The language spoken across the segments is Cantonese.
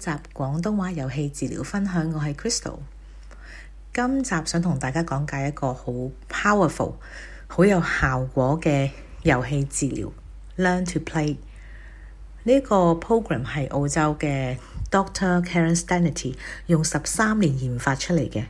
集廣東話遊戲治療分享，我係 Crystal。今集想同大家講解一個好 powerful、好有效果嘅遊戲治療，Learn to Play。呢、這個 program 係澳洲嘅 Dr. Karen Stagnitti 用十三年研發出嚟嘅。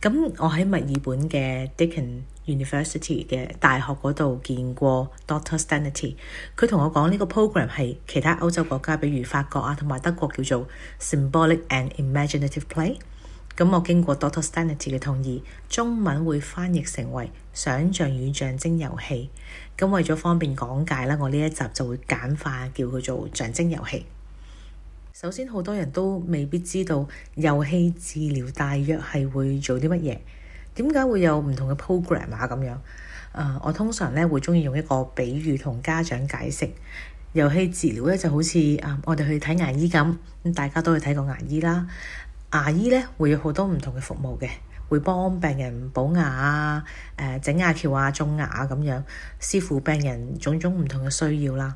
咁我喺墨爾本嘅 Dicken University 嘅大學嗰度見過 Doctor Stagnitti，佢同我講呢個 program 係其他歐洲國家，比如法國啊同埋德國，叫做 Symbolic and Imaginative Play。咁我經過 Doctor Stagnitti 嘅同意，中文會翻譯成為想像與象徵遊戲。咁為咗方便講解啦，我呢一集就會簡化叫佢做象徵遊戲。首先好多人都未必知道遊戲治療大約係會做啲乜嘢。點解會有唔同嘅 programme 啊？咁樣，誒，我通常咧會鍾意用一個比喻同家長解釋遊戲治療咧，就好似啊，我哋去睇牙醫咁，大家都去睇過牙醫啦。牙醫咧會有好多唔同嘅服務嘅，會幫病人補牙啊、誒、呃、整牙橋啊、種牙啊咁樣，視乎病人種種唔同嘅需要啦。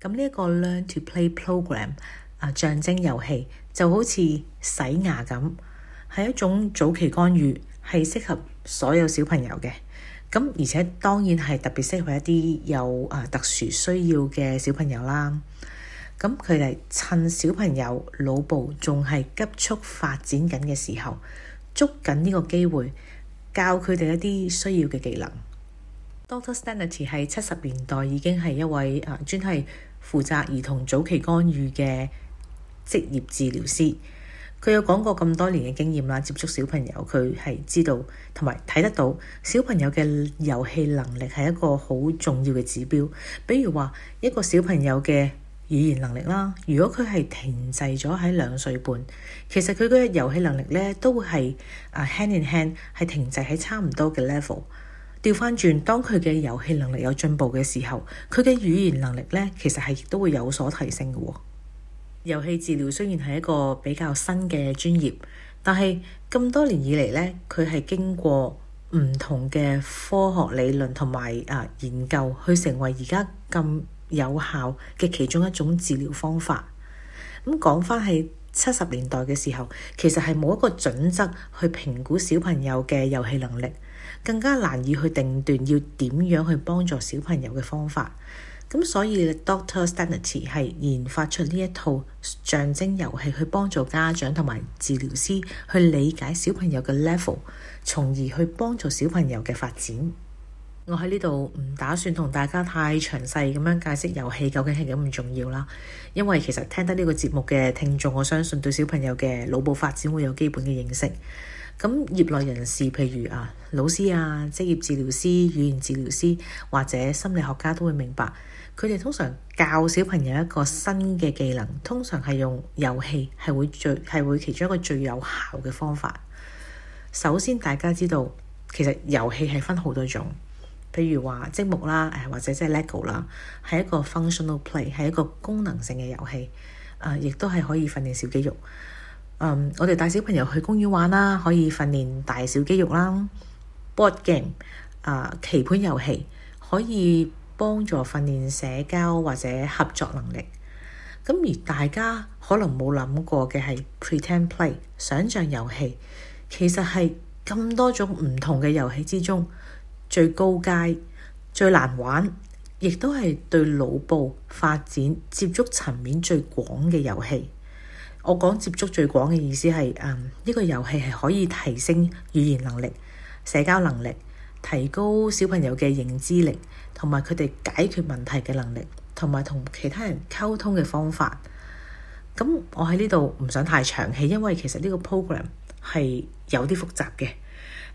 咁呢一個 Learn to Play Program 啊，象徵遊戲就好似洗牙咁，係一種早期干預。係適合所有小朋友嘅，咁而且當然係特別適合一啲有啊特殊需要嘅小朋友啦。咁佢哋趁小朋友腦部仲係急速發展緊嘅時候，捉緊呢個機會教佢哋一啲需要嘅技能。Doctor Stagnitti 係七十年代已經係一位啊專係負責兒童早期干預嘅職業治療師。佢有講過咁多年嘅經驗啦，接觸小朋友，佢係知道同埋睇得到小朋友嘅遊戲能力係一個好重要嘅指標。比如話一個小朋友嘅語言能力啦，如果佢係停滯咗喺兩歲半，其實佢嗰個遊戲能力呢都係啊 hand in hand 係停滯喺差唔多嘅 level。調返轉，當佢嘅遊戲能力有進步嘅時候，佢嘅語言能力呢其實係亦都會有所提升嘅喎。遊戲治療雖然係一個比較新嘅專業，但係咁多年以嚟呢，佢係經過唔同嘅科學理論同埋啊研究，去成為而家咁有效嘅其中一種治療方法。咁講返喺七十年代嘅時候，其實係冇一個準則去評估小朋友嘅遊戲能力，更加難以去定斷要點樣去幫助小朋友嘅方法。咁所以 Doctor Stagnitti 係研發出呢一套象徵遊戲，去幫助家長同埋治療師去理解小朋友嘅 level，從而去幫助小朋友嘅發展。我喺呢度唔打算同大家太詳細咁樣解釋遊戲究竟係咁唔重要啦，因為其實聽得呢個節目嘅聽眾，我相信對小朋友嘅腦部發展會有基本嘅認識。咁業內人士，譬如啊老師啊、職業治療師、語言治療師或者心理學家都會明白，佢哋通常教小朋友一個新嘅技能，通常係用遊戲，係會最係會其中一個最有效嘅方法。首先大家知道，其實遊戲係分好多種，譬如話積木啦，誒或者即係 LEGO 啦，係一個 functional play，係一個功能性嘅遊戲，誒、啊、亦都係可以訓練小肌肉。嗯，我哋帶小朋友去公園玩啦，可以訓練大小肌肉啦。board game 啊，棋盤遊戲，可以幫助訓練社交或者合作能力。咁而大家可能冇諗過嘅係 pretend play，想像遊戲，其實係咁多種唔同嘅遊戲之中最高階、最難玩，亦都係對腦部發展接觸層面最廣嘅遊戲。我講接觸最廣嘅意思係，誒，呢個遊戲係可以提升語言能力、社交能力、提高小朋友嘅認知力，同埋佢哋解決問題嘅能力，同埋同其他人溝通嘅方法。咁我喺呢度唔想太長氣，係因為其實呢個 program 係有啲複雜嘅，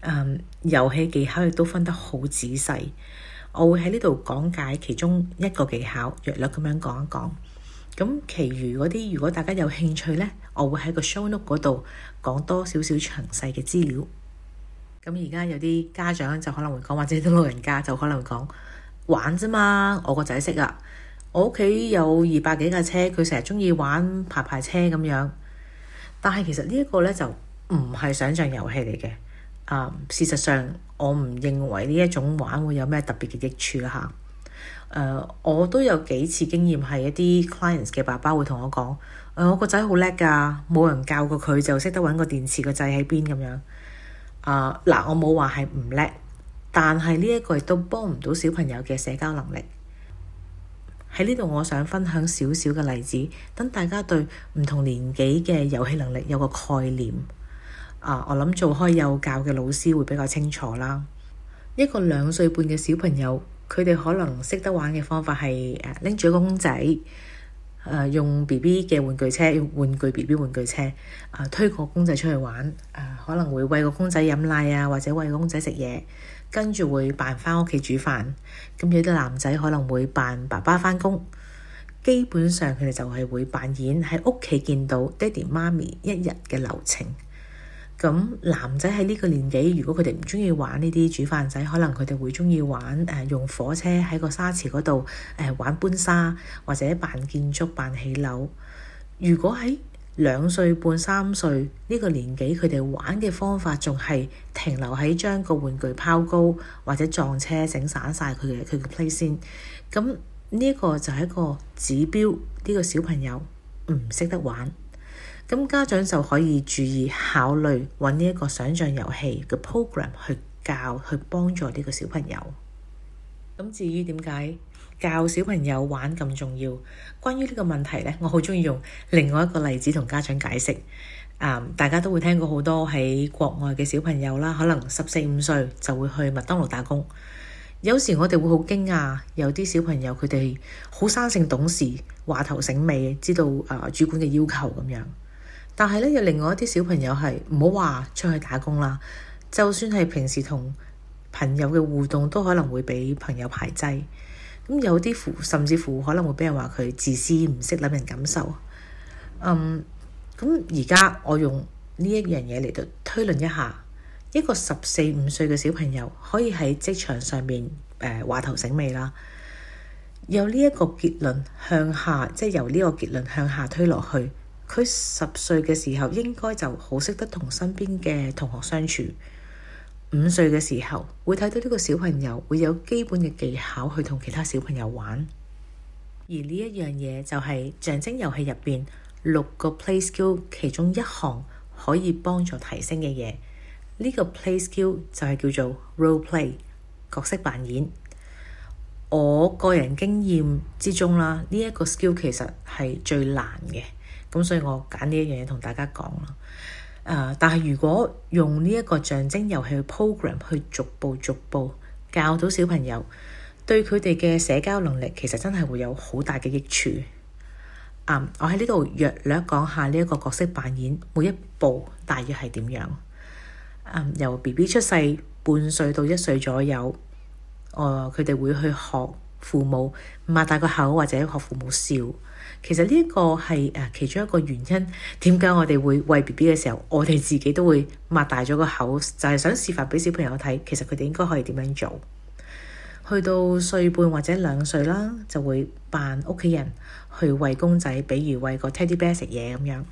誒，遊戲技巧亦都分得好仔細。我會喺呢度講解其中一個技巧，約略咁樣講一講。咁，其餘嗰啲如果大家有興趣呢，我會喺個 show note 嗰度講多少少詳細嘅資料。咁而家有啲家長就可能會講或者啲老人家就可能會講，玩啫嘛，我個仔識啊，我屋企有二百幾架車，佢成日中意玩排排車咁樣。但係其實呢一個呢，就唔係想象遊戲嚟嘅。Uh, 事實上我唔認為呢一種玩會有咩特別嘅益處啦嚇。Uh, 我都有幾次經驗係一啲 clients 嘅爸爸會同我講：uh, 我個仔好叻㗎，冇人教過佢就識得揾個電池嘅掣喺邊咁樣。啊，嗱、uh,，我冇話係唔叻，但係呢一個亦都幫唔到小朋友嘅社交能力。喺呢度，我想分享少少嘅例子，等大家對唔同年紀嘅遊戲能力有個概念。啊、uh,，我諗做開幼教嘅老師會比較清楚啦。一個兩歲半嘅小朋友。佢哋可能識得玩嘅方法係誒拎住一個公仔，誒、啊、用 B B 嘅玩具車，用玩具 B B 玩具車啊，推個公仔出去玩啊，可能會餵個公仔飲奶啊，或者餵個公仔食嘢，跟住會扮返屋企煮飯。咁有啲男仔可能會扮爸爸返工，基本上佢哋就係會扮演喺屋企見到爹哋媽咪一日嘅流程。咁男仔喺呢個年紀，如果佢哋唔鍾意玩呢啲煮飯仔，可能佢哋會鍾意玩誒、呃、用火車喺個沙池嗰度誒玩搬沙，或者扮建築、扮起樓。如果喺兩歲半、三歲呢、呢個年紀，佢哋玩嘅方法仲係停留喺將個玩具拋高或者撞車整散晒佢嘅佢嘅 play scene，咁呢個就係一個指標，呢、呢個小朋友唔識得玩。咁家長就可以注意考慮揾呢一個想像遊戲嘅 program 去教去幫助呢個小朋友。咁至於點解教小朋友玩咁重要？關於呢個問題呢，我好鍾意用另外一個例子同家長解釋。誒、um，大家都會聽過好多喺國外嘅小朋友啦，可能十四五歲就會去麥當勞打工。有時我哋會好驚訝，有啲小朋友佢哋好生性懂事，話頭醒尾，知道誒、uh，主管嘅要求咁樣。但係咧，有另外一啲小朋友係唔好話出去打工啦，就算係平時同朋友嘅互動，都可能會畀朋友排擠。咁有啲甚至乎可能會畀人話佢自私，唔識諗人感受。嗯，咁而家我用呢一樣嘢嚟到推論一下，一個十四五歲嘅小朋友可以喺職場上面誒，呃，話頭醒尾啦，有呢一個結論向下，即係由呢個結論向下推落去。佢十歲嘅時候應該就好識得同身邊嘅同學相處。五歲嘅時候會睇到呢個小朋友會有基本嘅技巧去同其他小朋友玩。而呢一樣嘢就係象徵遊戲入邊六個 play skill 其中一項可以幫助提升嘅嘢。呢、呢個 play skill 就係叫做 role play 角色扮演。我個人經驗之中啦，呢、這、一個 skill 其實係最難嘅。咁所以我揀呢一樣嘢同大家講咯。誒、呃，但係如果用呢一個象徵遊戲嘅 program，去逐步逐步教到小朋友對佢哋嘅社交能力，其實真係會有好大嘅益處。嗯，我喺呢度略略講下呢一個角色扮演每一步大約係點樣。嗯，由 BB 出世半歲到一歲左右，誒佢哋會去學父母擘大個口或者學父母笑，其實呢個係其中一個原因。點解我哋會餵 B B 嘅時候，我哋自己都會擘大咗個口，就係想示範畀小朋友睇，其實佢哋應該可以點樣做。去到歲半或者兩歲啦，就會扮屋企人去餵公仔，比如餵個 teddy bear 食嘢咁樣。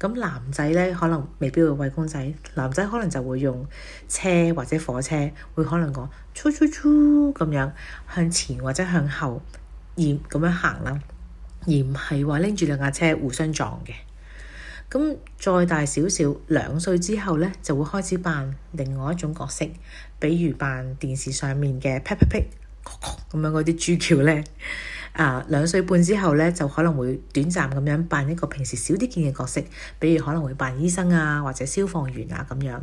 咁男仔咧可能未必會喂公仔，男仔可能就會用車或者火車，會可能講 o o o o o 咁樣向前或者向後而咁樣行啦，而唔係話拎住兩架車互相撞嘅。咁再大少少，兩歲之後咧，就會開始扮另外一種角色，比如扮電視上面嘅啪啪啪咁樣嗰啲豬橋咧。啊，兩歲半之後咧，就可能會短暫咁樣扮一個平時少啲見嘅角色，比如可能會扮醫生啊，或者消防員啊咁樣。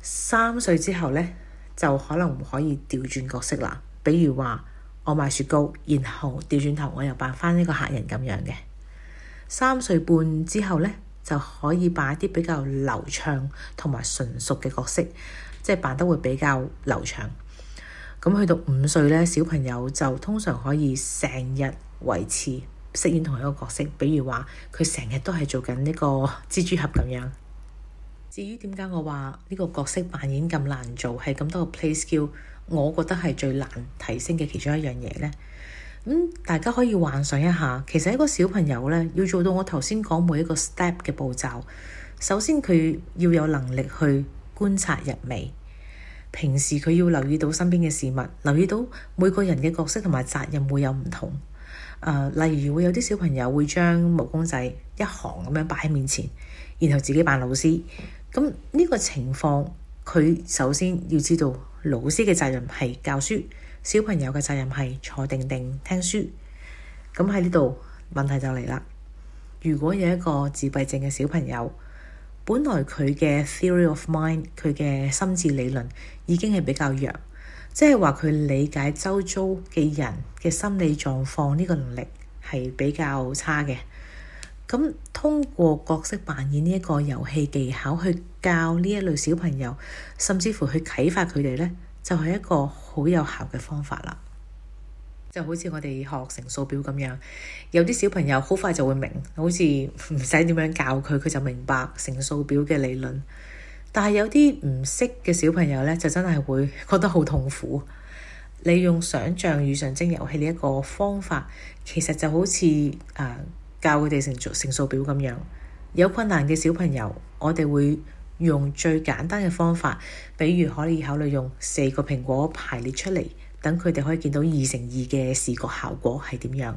三歲之後咧，就可能唔可以調轉角色啦。比如話，我賣雪糕，然後調轉頭我又扮返呢個客人咁樣嘅。三歲半之後咧，就可以扮一啲比較流暢同埋純熟嘅角色，即係扮得會比較流暢。咁去到五歲咧，小朋友就通常可以成日維持飾演同一個角色，比如話佢成日都係做緊呢個蜘蛛俠咁樣。至於點解我話呢個角色扮演咁難做，係咁多個 place 叫我覺得係最難提升嘅其中一樣嘢咧？咁、嗯、大家可以幻想一下，其實一個小朋友咧，要做到我頭先講每一個 step 嘅步驟，首先佢要有能力去觀察入微。平時佢要留意到身邊嘅事物，留意到每個人嘅角色同埋責任會有唔同。呃，例如會有啲小朋友會將毛公仔一行咁樣擺喺面前，然後自己扮老師。咁呢個情況，佢首先要知道老師嘅責任係教書，小朋友嘅責任係坐定定聽書。咁喺呢度問題就嚟喇。如果有一個自閉症嘅小朋友，本來佢嘅 theory of mind，佢嘅心智理論已經係比較弱，即係話佢理解周遭嘅人嘅心理狀況呢個能力係比較差嘅。咁通過角色扮演呢一個遊戲技巧去教呢一類小朋友，甚至乎去啟發佢哋咧，就係一個好有效嘅方法啦。就好似我哋學乘數表咁樣，有啲小朋友好快就會明，好似唔使點樣教佢，佢就明白乘數表嘅理論。但係有啲唔識嘅小朋友咧，就真係會覺得好痛苦。你用想象與象徵遊戲呢一個方法，其實就好似誒、啊、教佢哋乘數乘數表咁樣。有困難嘅小朋友，我哋會用最簡單嘅方法，比如可以考慮用四個蘋果排列出嚟。等佢哋可以見到二乘二嘅視覺效果係點樣，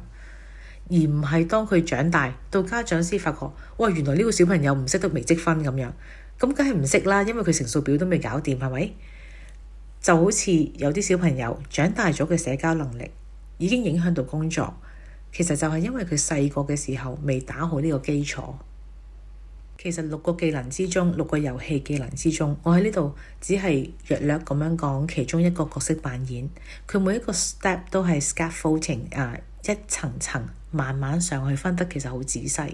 而唔係當佢長大到家長先發覺，哇！原來呢個小朋友唔識得微積分咁樣，咁梗係唔識啦，因為佢乘數表都未搞掂，係咪？就好似有啲小朋友長大咗嘅社交能力已經影響到工作，其實就係因為佢細個嘅時候未打好呢個基礎。其實六個技能之中，六個遊戲技能之中，我喺呢度只係略略咁樣講其中一個角色扮演。佢每一個 step 都係 scaffolding 啊，一層層慢慢上去，分得其實好仔細。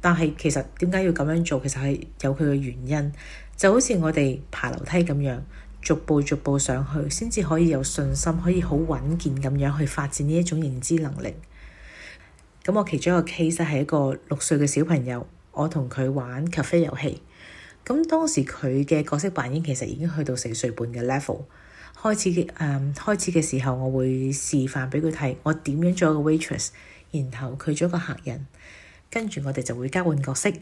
但係其實點解要咁樣做？其實係有佢嘅原因，就好似我哋爬樓梯咁樣，逐步逐步上去，先至可以有信心，可以好穩健咁樣去發展呢一種認知能力。咁我其中一個 case 係一個六歲嘅小朋友。我同佢玩 cafe 遊戲，咁當時佢嘅角色扮演其實已經去到四歲半嘅 level。開始嘅誒、嗯、開始嘅時候，我會示範畀佢睇，我點樣做一個 waitress，然後佢做一個客人，跟住我哋就會交換角色。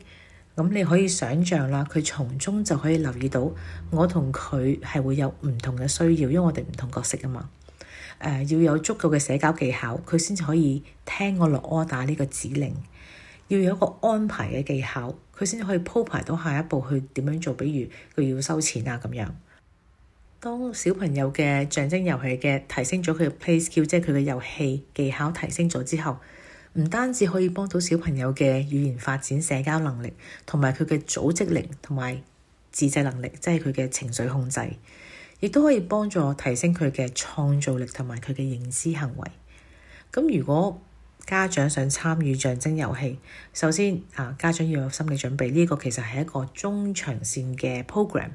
咁你可以想象啦，佢從中就可以留意到我同佢係會有唔同嘅需要，因為我哋唔同角色啊嘛。誒、呃、要有足夠嘅社交技巧，佢先至可以聽我落 order 呢個指令。要有一個安排嘅技巧，佢先可以鋪排到下一步去點樣做。比如佢要收錢啊咁樣。當小朋友嘅象徵遊戲嘅提升咗佢嘅 play skill，即係佢嘅遊戲技巧提升咗之後，唔單止可以幫到小朋友嘅語言發展、社交能力，同埋佢嘅組織力同埋自制能力，即係佢嘅情緒控制，亦都可以幫助提升佢嘅創造力同埋佢嘅認知行為。咁如果家長想參與象徵遊戲，首先啊，家長要有心理準備。呢個其實係一個中長線嘅 program。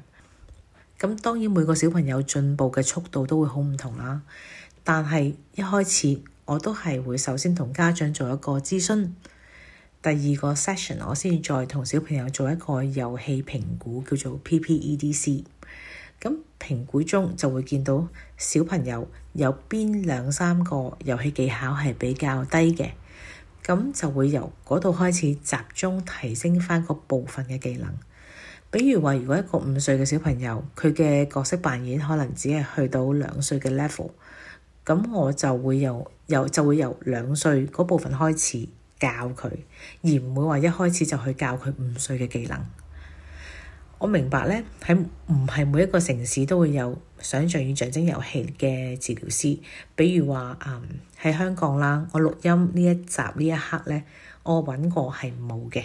咁當然每個小朋友進步嘅速度都會好唔同啦，但係一開始我都係會首先同家長做一個諮詢，第二個 session 我先再同小朋友做一個遊戲評估，叫做 PPEDC。P e D C 咁評估中就會見到小朋友有邊兩三個遊戲技巧係比較低嘅，咁就會由嗰度開始集中提升翻個部分嘅技能。比如話，如果一個五歲嘅小朋友，佢嘅角色扮演可能只係去到兩歲嘅 level，咁我就會由由就會由兩歲嗰部分開始教佢，而唔會話一開始就去教佢五歲嘅技能。我明白咧，喺唔係每一個城市都會有想像與象徵遊戲嘅治療師。比如話，嗯，喺香港啦，我錄音呢一集呢一刻咧，我揾過係冇嘅。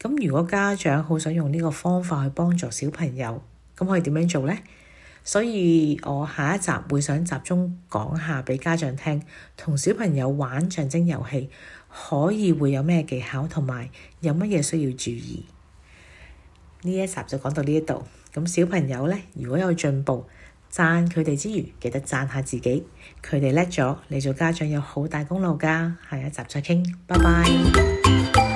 咁如果家長好想用呢個方法去幫助小朋友，咁可以點樣做咧？所以我下一集會想集中講下畀家長聽，同小朋友玩象徵遊戲可以會有咩技巧，同埋有乜嘢需要注意。呢一集就講到呢度，咁小朋友呢，如果有進步，讚佢哋之餘，記得讚下自己。佢哋叻咗，你做家長有好大功勞㗎。下一集再傾，拜拜。